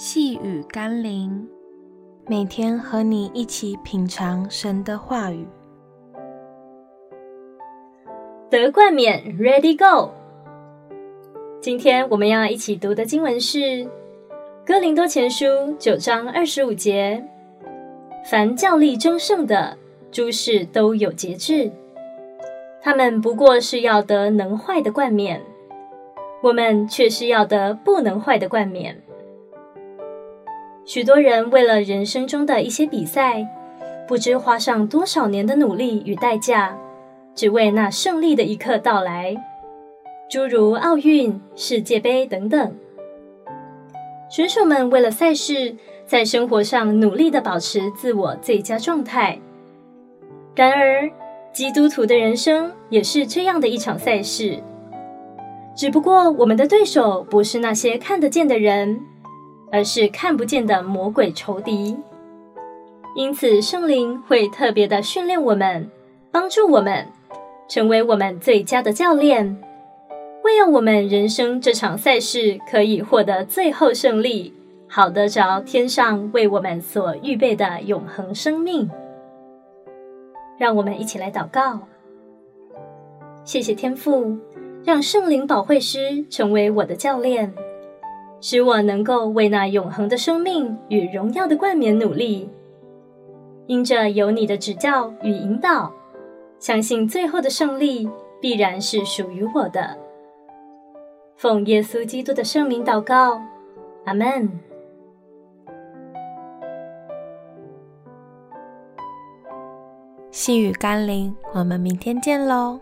細語甘霖，每天和你一起品嘗神的話語。得冠冕，Ready Go。今天我們要一起讀的經文是《哥林多前書》九章二十五節：“凡較力爭勝的諸事都有節制，他們不過是要得能壞的冠冕，我們卻是要得不能壞的冠冕。”許多人為了人生中的一些比賽，不知花上多少年的努力與代價，只為那勝利的一刻到來。諸如奧運、世界盃等等，選手們為了賽事，在生活上努力地保持自我最佳狀態。然而，基督徒的人生也是這樣的一場賽事，只不過我們的對手不是那些看得見的人。而是看不見的魔鬼仇敵，因此聖靈會特別的訓練我們，幫助我們，成為我們最佳的教練，為讓我們人生這場賽事可以獲得最後勝利，好得着天上為我們所預備的永恆生命。讓我們一起來禱告，謝謝天父，讓聖靈保惠師成為我的教練。使我能夠為那永恆的生命與榮耀的冠冕努力，因着有你的指教與引導，相信最後的勝利必然是屬於我的。奉耶穌基督的聖名禱告，阿門。細語甘霖，我們明天見嘍。